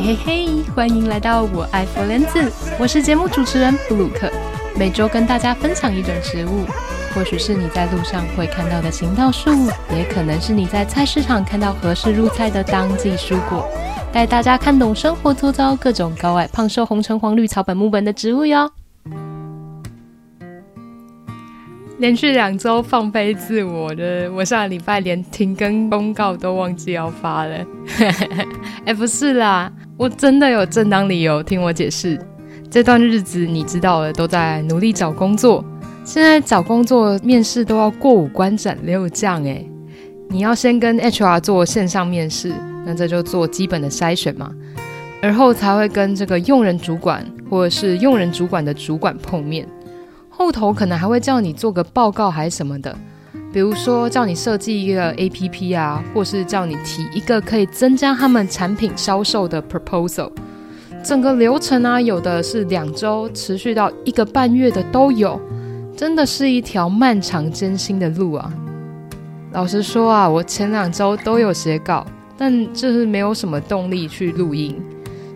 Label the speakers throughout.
Speaker 1: 嘿嘿，hey, hey, hey, 歡迎來到我愛佛蓮子，我是節目主持人布魯克，每周跟大家分享一種植物，或許是你在路上會看到的行道樹，也可能是你在菜市場看到合適入菜的當季蔬果，帶大家看懂生活周遭各種高矮胖瘦紅橙黃綠草本木本的植物喲。連續兩周放飛自我了，我上禮拜連停更公告都忘記要發了，哎、 欸，不是啦。我真的有正當理由，聽我解釋。這段日子你知道的，都在努力找工作。現在找工作面試都要過五關斬六將哎，你要先跟 HR 做線上面試，那這就做基本的篩選嘛，而後才會跟這個用人主管或者是用人主管的主管碰面，後頭可能還會叫你做個報告還是什麼的。比如說叫你設計一個 APP 啊，或是叫你提一個可以增加他們產品銷售的 proposal，整個流程啊，有的是兩周持續到一個半月的都有，真的是一條漫長艱辛的路啊。老實說啊，我前兩周都有寫稿，但就是沒有什麼動力去錄音。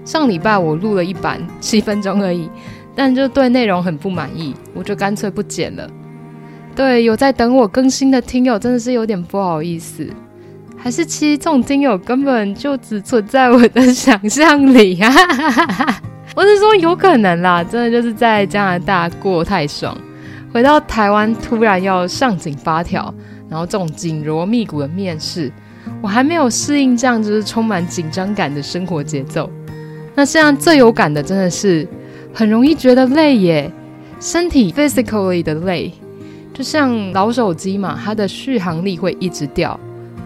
Speaker 1: 上禮拜我錄了一版，七分鐘而已，但就對內容很不滿意，我就乾脆不剪了。對，有在等我更新的聽友真的是有點不好意思，還是其實這種聽友根本就只存在我的想象裡哈 我是說有可能啦，真的就是在加拿大過太爽，回到台灣突然要上緊發條，然後這種緊鑼密鼓的面試，我還沒有適應這樣就是充滿緊張感的生活節奏。那現在最有感的真的是很容易覺得累耶，身體 physically 的累。就像老手機嘛，它的續航力會一直掉。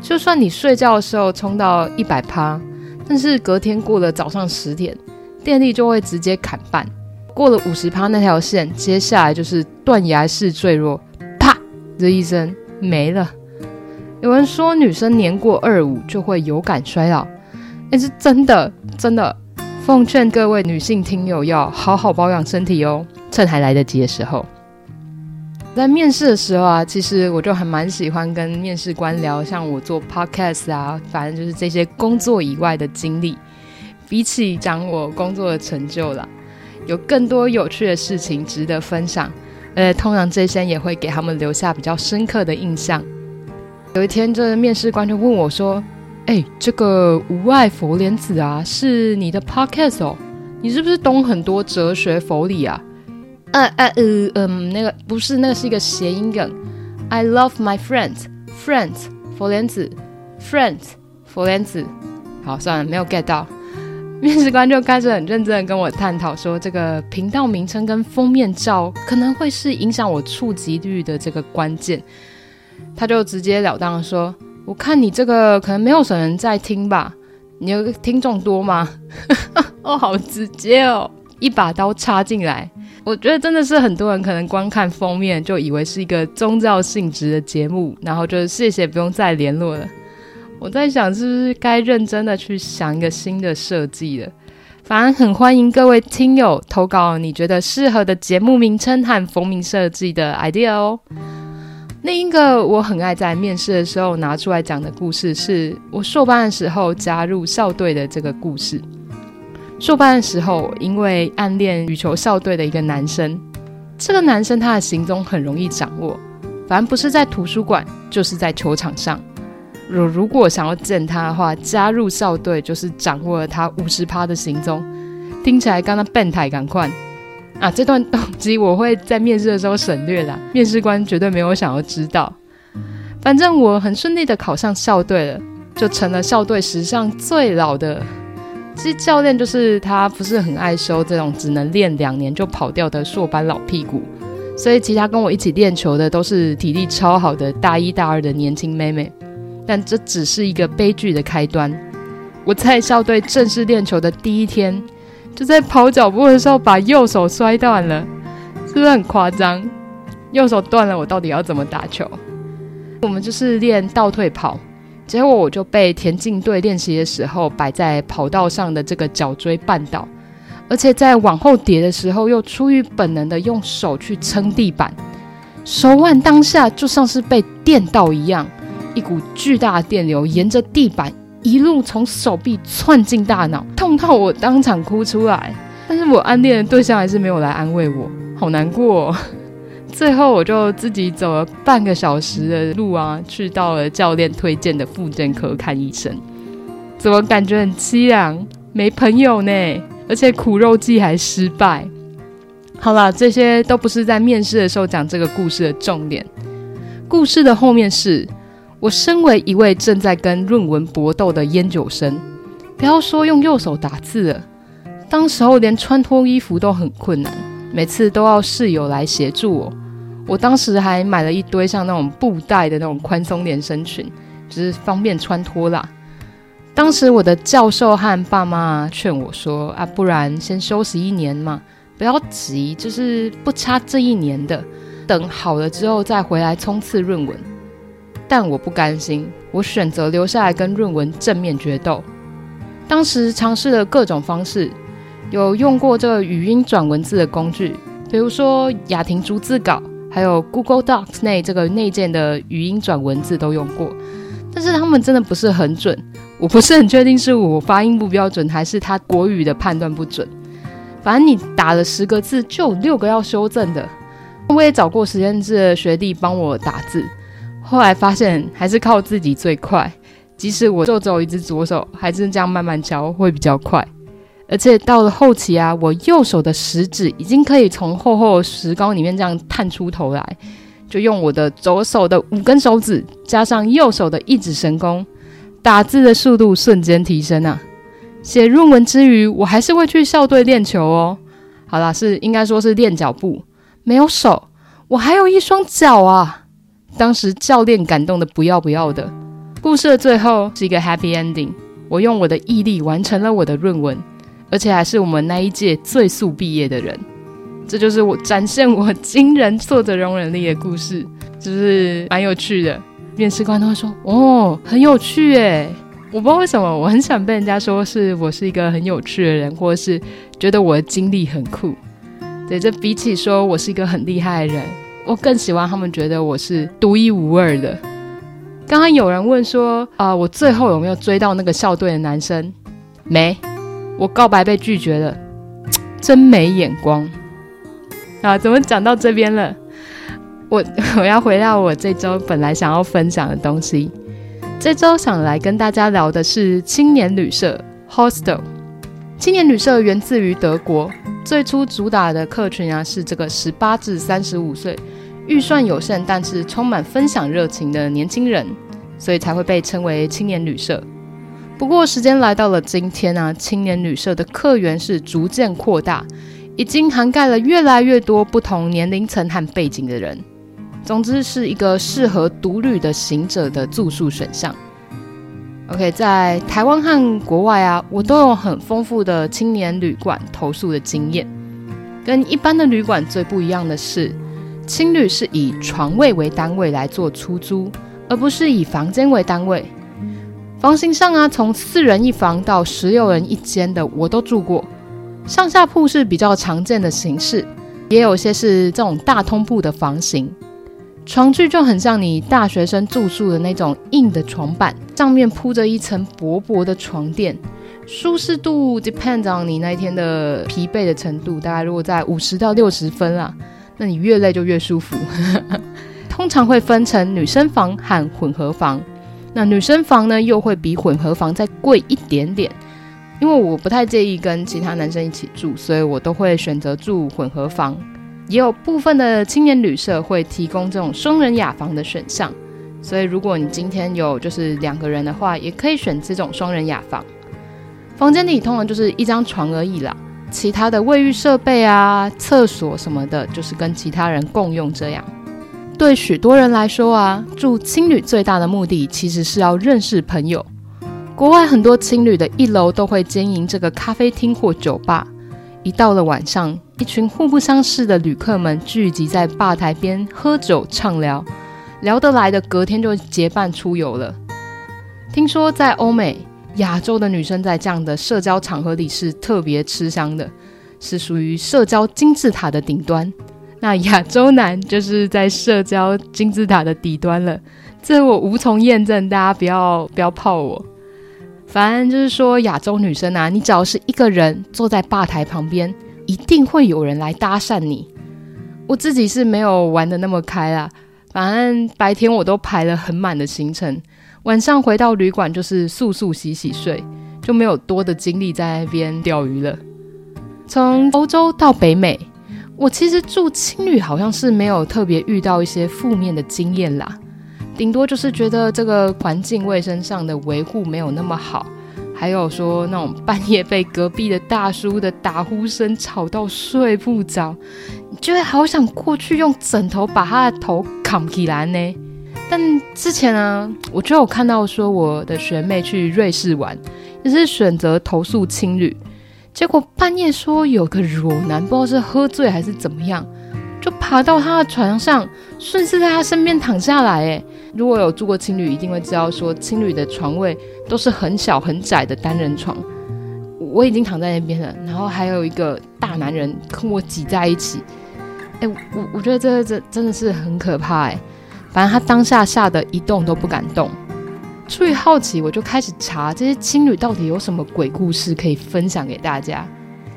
Speaker 1: 就算你睡覺的時候充到一百趴，但是隔天過了早上十點，電力就會直接砍半。過了五十趴那條線，接下來就是斷崖式墜落，啪的一聲沒了。有人說女生年過二五就會有感衰老，那是真的真的。奉勸各位女性聽友要好好保養身體哦，趁還來得及的時候。在面試的時候啊，其實我就還蠻喜歡跟面試官聊，像我做 podcast 啊，反正就是這些工作以外的經歷，比起講我工作的成就啦，有更多有趣的事情值得分享。呃，通常這些也會給他們留下比較深刻的印象。有一天，這面試官就問我說：“哎、欸，這個無外佛蓮子啊，是你的 podcast 哦？你是不是懂很多哲學佛理啊？”呃啊呃,呃嗯，那個不是，那個是一個諧音梗。I love my friends, friends 佛蓮子，friends 佛蓮子。好，算了，沒有 get 到。面試官就開始很認真的跟我探討說，這個頻道名稱跟封面照可能會是影響我觸及率的這個關鍵。他就直截了當的說，我看你這個可能沒有什麼人在聽吧，你有聽眾多嗎？ 哦，好直接哦，一把刀插進來。我覺得真的是很多人可能光看封面就以為是一個宗教性質的節目，然後就謝謝不用再聯絡了。我在想是不是該認真的去想一個新的設計了。反而很歡迎各位聽友投稿，你覺得適合的節目名稱和封面設計的 idea 哦。另一個我很愛在面試的時候拿出來講的故事，是我碩班的時候加入校隊的這個故事。.上班的時候，因為暗戀羽球校隊的一個男生，這個男生他的行蹤很容易掌握，反正不是在圖書館，就是在球場上。如如果想要見他的話，加入校隊就是掌握了他五十趴的行蹤。聽起來剛剛變態感快啊！這段動機我會在面試的時候省略啦，面試官絕對沒有想要知道。反正我很順利的考上校隊了，就成了校隊史上最老的。其實教練就是他，不是很愛收這種只能練兩年就跑掉的碩班老屁股，所以其他跟我一起練球的都是體力超好的大一大二的年輕妹妹。但這只是一個悲劇的開端。我在校隊正式練球的第一天，就在跑腳步的時候把右手摔斷了，是不是很誇張？右手斷了，我到底要怎麼打球？我們就是練倒退跑。結果我就被田徑隊練習的時候擺在跑道上的這個角錐絆倒，而且在往後跌的時候，又出於本能的用手去撐地板，手腕當下就像是被電到一樣，一股巨大電流沿着地板一路從手臂竄進大腦，痛到我當場哭出來。但是我暗戀的對象還是沒有來安慰我，好難過哦。最後我就自己走了半個小時的路啊，去到了教練推薦的復健科看醫生。怎麼感覺很淒涼？沒朋友呢，而且苦肉計還失敗。好了，這些都不是在面試的時候講這個故事的重點。故事的後面是我身為一位正在跟論文搏鬥的研究生，不要說用右手打字了，當時候連穿脫衣服都很困難，每次都要室友來協助我。我當時還買了一堆像那種布袋的那種寬鬆連身裙，就是方便穿脫啦。當時我的教授和爸媽勸我說：“啊，不然先休息一年嘛，不要急，就是不差這一年的，等好了之後再回來衝刺論文。”但我不甘心，我選擇留下來跟論文正面決鬥。當時嘗試了各種方式，有用過這個語音轉文字的工具，比如說雅婷逐字稿。還有 Google Docs 內這個內建的語音轉文字都用過，但是他們真的不是很準。我不是很確定是我發音不標準，還是他國語的判斷不準。反正你打了十個字，就有六個要修正的。我也找過實驗室的學弟幫我打字，後來發現還是靠自己最快。即使我就只有一隻左手，還是這樣慢慢敲會比較快。而且到了後期啊，我右手的食指已經可以從厚厚的石膏裡面這樣探出頭來，就用我的左手的五根手指加上右手的一指神功，打字的速度瞬間提升啊！寫論文之餘，我還是會去校隊練球哦。好啦，是應該說是練腳步，沒有手，我還有一雙腳啊！當時教練感動得不要不要的。故事的最後是一個 happy ending，我用我的毅力完成了我的論文。而且還是我們那一屆最速畢業的人，這就是我展現我驚人挫折容忍力的故事，就是蠻有趣的。面試官都會說：“哦，很有趣誒！”我不知道為什麼，我很想被人家說是我是一個很有趣的人，或者是覺得我的經歷很酷。對，這比起說我是一個很厲害的人，我更喜歡他們覺得我是獨一無二的。剛剛有人問說：“啊、呃，我最後有沒有追到那個校隊的男生？”沒。我告白被拒絕了，真沒眼光啊！怎麼講到這邊了？我我要回到我這周本來想要分享的東西。這周想來跟大家聊的是青年旅社 （Hostel）。青年旅社源自於德國，最初主打的客群啊是這個十八至三十五歲、預算有限但是充滿分享熱情的年輕人，所以才會被稱為青年旅社。不過，時間來到了今天啊，青年旅社的客源是逐漸擴大，已經涵蓋了越來越多不同年齡層和背景的人。總之，是一個適合獨旅的行者的住宿選項。OK，在台灣和國外啊，我都有很豐富的青年旅館投宿的經驗。跟一般的旅館最不一樣的是，青旅是以床位為單位來做出租，而不是以房間為單位。房型上啊，從四人一房到十六人一間的我都住過。上下鋪是比較常見的形式，也有些是這種大通鋪的房型。床具就很像你大學生住宿的那種硬的床板，上面鋪着一層薄薄的床墊，舒適度 depend on 你那一天的疲憊的程度，大概如果在五十到六十分啦，啊，那你越累就越舒服。 通常會分成女生房和混合房。那女生房呢，又會比混合房再貴一點點，因為我不太介意跟其他男生一起住，所以我都會選擇住混合房。也有部分的青年旅社會提供這種雙人雅房的選項，所以如果你今天有就是兩個人的話，也可以選這種雙人雅房。房間裡通常就是一張床而已啦，其他的衛浴設備啊、廁所什麼的，就是跟其他人共用這樣。對許多人來說啊，住青旅最大的目的其實是要認識朋友。國外很多青旅的一樓都會經營這個咖啡廳或酒吧。一到了晚上，一群互不相識的旅客們聚集在吧台邊喝酒暢聊，聊得來的隔天就結伴出遊了。聽說在歐美、亞洲的女生在這樣的社交場合裡是特別吃香的，是屬於社交金字塔的頂端。那亞洲男就是在社交金字塔的底端了。這我無從驗證，大家不要不要泡我。反正就是說，亞洲女生啊，你只要是一個人坐在吧台旁邊，一定會有人來搭訕你。我自己是沒有玩得那麼開啦，反正白天我都排了很滿的行程，晚上回到旅館就是速速洗洗睡，就沒有多的精力在那邊釣魚了。從歐洲到北美。我其實住青旅好像是沒有特別遇到一些負面的經驗啦，頂多就是覺得這個環境衛生上的維護沒有那麼好，還有說那種半夜被隔壁的大叔的打呼聲吵到睡不着，就會好想過去用枕頭把他的頭扛起來呢。但之前呢、啊，我就有看到說我的學妹去瑞士玩，也、就是選擇投宿青旅。結果半夜說有個裸男，不知道是喝醉還是怎麼樣，就爬到他的床上，順勢在他身邊躺下來欸。誒，如果有住過青旅，一定會知道說青旅的床位都是很小很窄的單人床。我我已經躺在那邊了，然後還有一個大男人跟我擠在一起。誒、欸，我我覺得這這真的是很可怕誒、欸，反正他當下嚇得一動都不敢動。出於好奇，我就開始查這些青旅到底有什麼鬼故事可以分享給大家。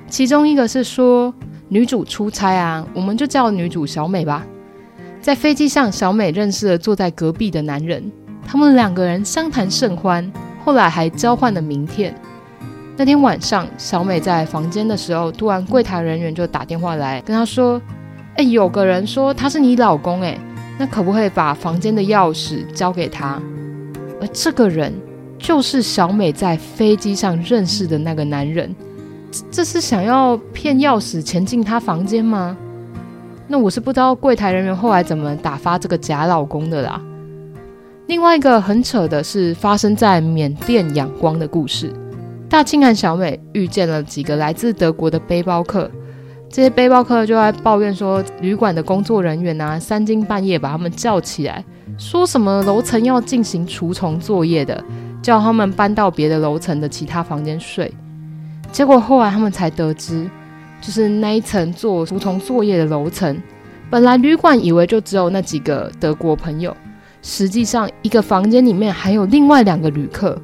Speaker 1: 其中一個是說，女主出差啊，我們就叫女主小美吧。在飛機上，小美認識了坐在隔壁的男人，他們兩個人相談甚歡，後來還交換了名片。那天晚上，小美在房間的時候，突然櫃台人員就打電話來跟她說：“哎、欸，有個人說他是你老公、欸，哎，那可不可以把房間的鑰匙交給他？”而這個人就是小美在飛機上認識的那個男人，這，這是想要騙鑰匙潛進他房間嗎？那我是不知道櫃檯人員後來怎麼打發這個假老公的啦。另外一個很扯的是發生在緬甸仰光的故事，大清和小美遇見了幾個來自德國的背包客，這些背包客就在抱怨說旅館的工作人員啊，三更半夜把他們叫起來。說什麼樓層要進行除蟲作業的，叫他們搬到別的樓層的其他房間睡。結果後來他們才得知，就是那一層做除蟲作業的樓層，本來旅館以為就只有那幾個德國朋友，實際上一個房間裡面還有另外兩個旅客。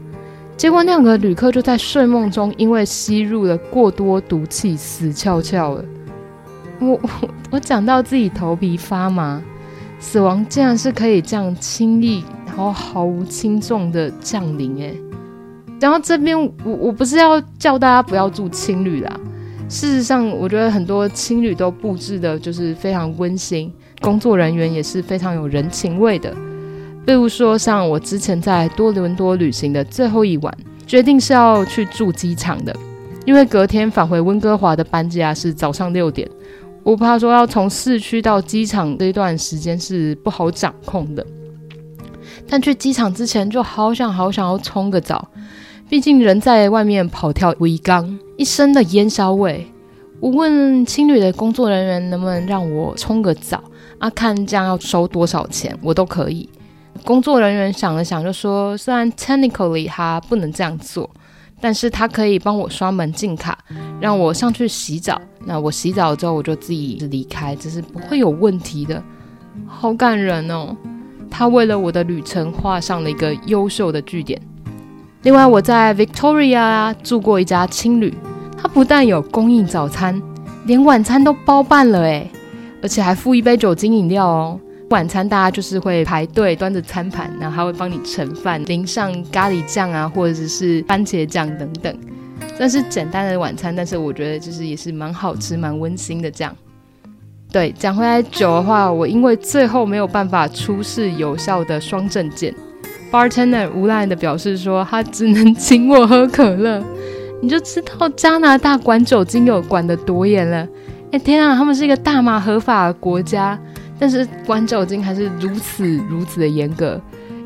Speaker 1: 結果那兩個旅客就在睡夢中，因為吸入了過多毒氣死翹翹了。我我我講到自己頭皮發麻。死亡竟然是可以這樣輕易，然後毫無輕重的降臨誒，然後這邊我我不是要叫大家不要住青旅啦，事實上我覺得很多青旅都布置的就是非常溫馨，工作人員也是非常有人情味的。比如說像我之前在多倫多旅行的最後一晚，決定是要去住機場的，因為隔天返回溫哥華的班機啊是早上六點。我怕說要從市區到機場這一段時間是不好掌控的，但去機場之前就好想好想要沖個澡，畢竟人在外面跑跳圍缸，一身的煙硝味。我問青旅的工作人員能不能讓我沖個澡啊，看這樣要收多少錢，我都可以。工作人員想了想就說，雖然 technically 他不能這樣做但是他可以幫我刷門禁卡，讓我上去洗澡。那我洗澡之後，我就自己離開，這是不會有問題的。好感人哦！他為了我的旅程畫上了一個優秀的句點。另外，我在 Victoria 住過一家青旅，它不但有供應早餐，連晚餐都包辦了哎，而且還附一杯酒精飲料哦。晚餐大家就是會排隊端着餐盤，然後他會幫你盛飯，淋上咖喱醬啊，或者是番茄醬等等。但是簡單的晚餐，但是我覺得就是也是蠻好吃，蠻溫馨的這樣。對，講回來酒的話，我因為最後沒有辦法出示有效的雙證件 ，bartender 無奈的表示說他只能請我喝可樂。你就知道加拿大管酒精有管的多嚴了。誒，天啊，他們是一個大麻合法的國家。但是關照金還是如此如此的嚴格，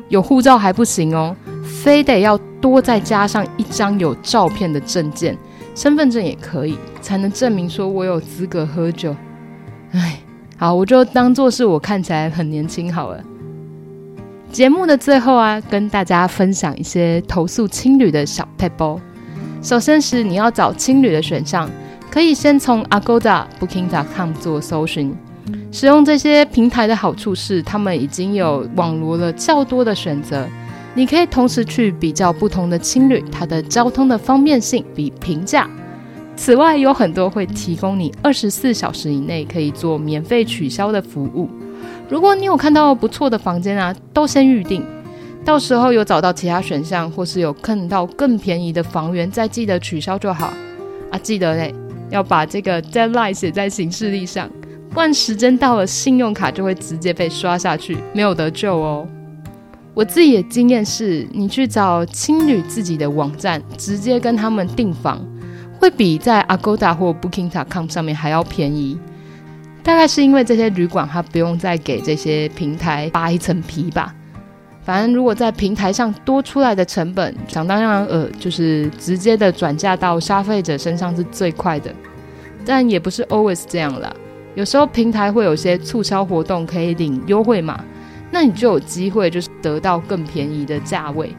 Speaker 1: 有護照還不行哦，非得要多再加上一張有照片的證件，身份證也可以，才能證明說我有資格喝酒。哎，好，我就當做是我看起來很年輕好了。節目的最後啊，跟大家分享一些投宿青旅的小撇步。首先，是你要找青旅的選項，可以先從 Agoda Booking.com 做搜尋。使用這些平台的好處是，他們已經有網羅了較多的選擇，你可以同時去比較不同的青旅，它的交通的方便性與評價。此外，有很多會提供你二十四小時以內可以做免費取消的服務。如果你有看到不錯的房間啊，都先預定，到時候有找到其他選項或是有看到更便宜的房源，再記得取消就好。啊，記得嘞，要把這個 deadline 寫在行事曆上。不然時間到了，信用卡就會直接被刷下去，沒有得救哦。我自己的經驗是，你去找青旅自己的網站，直接跟他們訂房，會比在 Agoda 或 Booking.com 上面還要便宜。大概是因為這些旅館它不用再給這些平台扒一層皮吧。反正如果在平台上多出來的成本，想當然呃，就是直接的轉嫁到消費者身上是最快的。但也不是 always 這樣了。有時候平台會有些促銷活動，可以領優惠碼，那你就有機會就是得到更便宜的價位。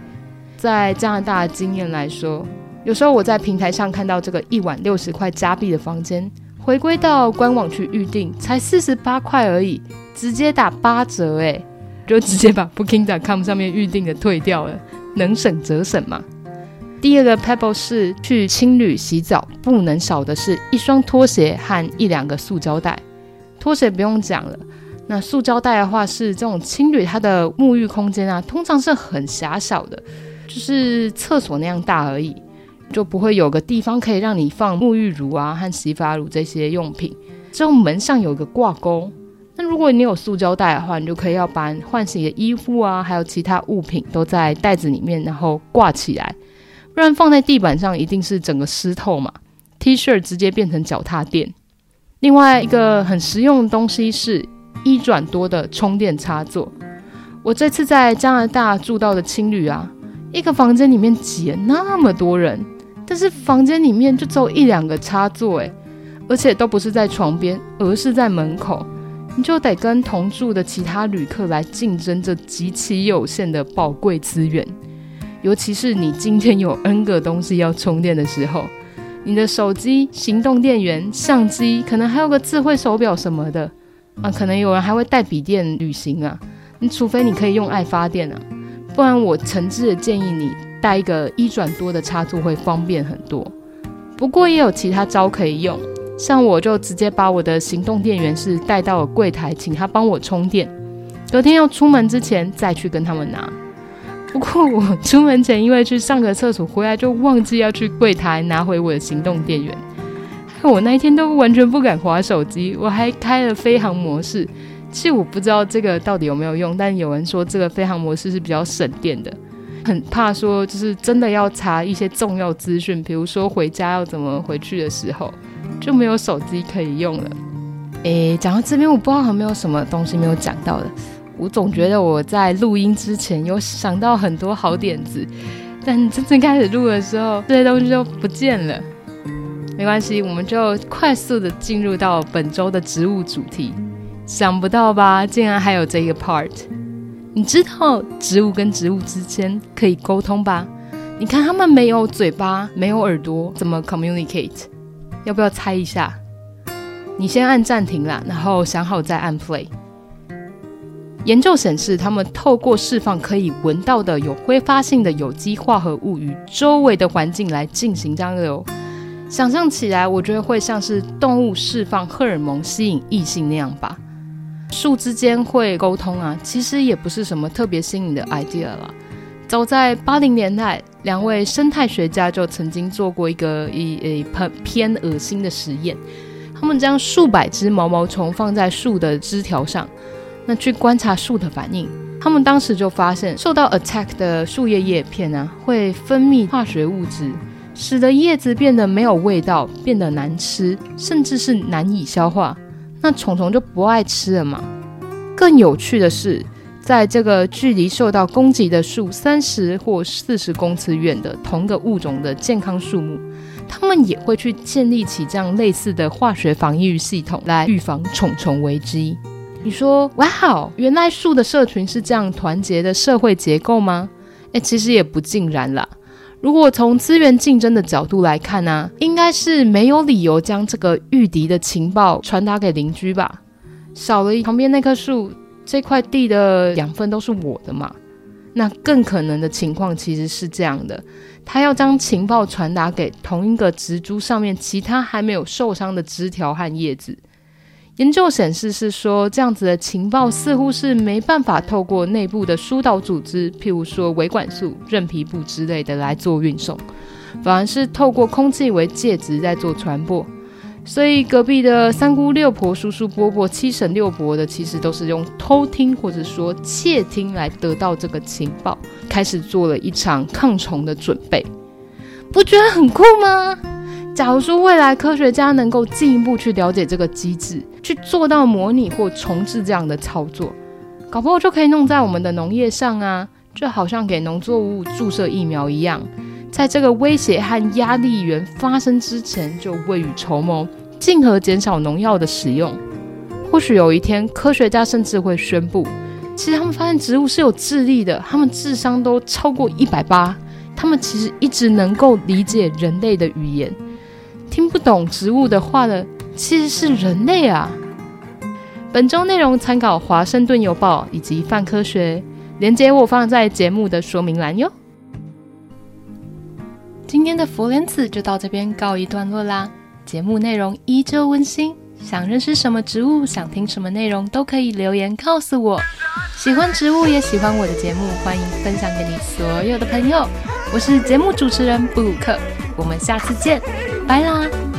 Speaker 1: 在加拿大的經驗來說，有時候我在平台上看到這個一晚六十塊加幣的房間，回歸到官網去預定才四十八塊而已，直接打八折，欸，哎，就直接把 Booking.com 上面預定的退掉了，能省則省嘛。第二個 pebble 是去青旅洗澡，不能少的是一雙拖鞋和一兩個塑膠袋。拖鞋不用講了，那塑膠袋的話是這種青旅它的沐浴空間啊，通常是很狹小的，就是廁所那樣大而已，就不會有個地方可以讓你放沐浴乳啊和洗髮乳這些用品。這種門上有個掛鈎，那如果你有塑膠袋的話，你就可以要把換洗的衣服啊，還有其他物品都在袋子裡面，然後掛起來。不然放在地板上一定是整個濕透嘛，T 恤直接變成腳踏墊。另外一個很實用的東西是一轉多的充電插座。我這次在加拿大住到的青旅啊，一個房間裡面擠了那麼多人，但是房間裡面就只有一兩個插座，哎，而且都不是在床邊，而是在門口，你就得跟同住的其他旅客來競爭這極其有限的寶貴資源。尤其是你今天有 N 個東西要充電的時候，你的手機、行動電源、相機，可能還有個智慧手錶什麼的啊，可能有人還會帶筆電旅行啊。你除非你可以用愛發電啊，不然我誠摯的建議你帶一個一轉多的插座會方便很多。不過也有其他招可以用，像我就直接把我的行動電源是帶到了櫃檯，請他幫我充電，隔天要出門之前再去跟他們拿。不過我出門前因為去上個廁所，回來就忘記要去櫃檯拿回我的行動電源。我那一天都完全不敢滑手機，我還開了飛航模式。其實我不知道這個到底有沒有用，但有人說這個飛航模式是比較省電的。很怕說就是真的要查一些重要資訊，比如說回家要怎麼回去的時候，就沒有手機可以用了。誒，講到這邊，我不知道還沒有什麼東西沒有講到的。我總覺得我在錄音之前有想到很多好點子，但真正開始錄的時候，這些東西都不見了。沒關係，我們就快速的進入到本週的植物主題。想不到吧？竟然還有這個 part？你知道植物跟植物之間可以溝通吧？你看他們沒有嘴巴，沒有耳朵，怎麼 communicate？要不要猜一下？你先按暫停啦，然後想好再按 play。研究顯示，他們透過釋放可以聞到的有揮發性的有機化合物，與周圍的環境來進行交流。想象起來，我覺得會像是動物釋放荷爾蒙吸引異性那樣吧。樹之間會溝通啊，其實也不是什麼特別新穎的 idea 了。早在八零年代，兩位生態學家就曾經做過一個一呃偏噁心的實驗，他們將數百隻毛毛蟲放在樹的枝條上。那去觀察樹的反應，他們當時就發現，受到 attack 的樹葉葉片呢、啊，會分泌化學物質，使得葉子變得沒有味道，變得難吃，甚至是難以消化。那蟲蟲就不愛吃了嘛。更有趣的是，在這個距離受到攻擊的樹三十或四十公尺遠的同個物種的健康樹木，他們也會去建立起這樣類似的化學防禦系統來預防蟲蟲危機。你說哇、哦、原來樹的社群是這樣團結的社會結構嗎？誒，其實也不盡然啦。如果從資源競爭的角度來看呢、啊，應該是沒有理由將這個禦敵的情報傳達給鄰居吧？少了一旁邊那棵樹，這塊地的養分都是我的嘛。那更可能的情況其實是這樣的：他要將情報傳達給同一個植株上面其他還沒有受傷的枝條和葉子。研究顯示，是說這樣子的情報似乎是沒辦法透過內部的輸導組織，譬如說維管束、韌皮部之類的來做運送，反而是透過空氣為介質在做傳播。所以隔壁的三姑六婆、叔叔伯伯、七嬸六伯的，其實都是用偷聽或者說竊聽來得到這個情報，開始做了一場抗蟲的準備。不覺得很酷嗎？假如說未來科學家能夠進一步去了解這個機制。去做到模擬或重置這樣的操作，搞不好就可以弄在我們的農業上啊！就好像給農作物注射疫苗一樣，在這個威脅和壓力源發生之前就未雨綢繆，進而減少農藥的使用。或許有一天，科學家甚至會宣布，其實他們發現植物是有智力的，他們智商都超過一百八，他們其實一直能夠理解人類的語言，聽不懂植物的話的其實是人類啊！本周內容參考《華盛頓郵報》以及泛科學，連接我放在節目的說明欄喲。今天的佛蓮子就到這邊告一段落啦。節目內容依舊溫馨，想認識什麼植物，想聽什麼內容都可以留言告訴我。喜歡植物也喜歡我的節目，歡迎分享給你所有的朋友。我是節目主持人布魯克，我們下次見，拜啦！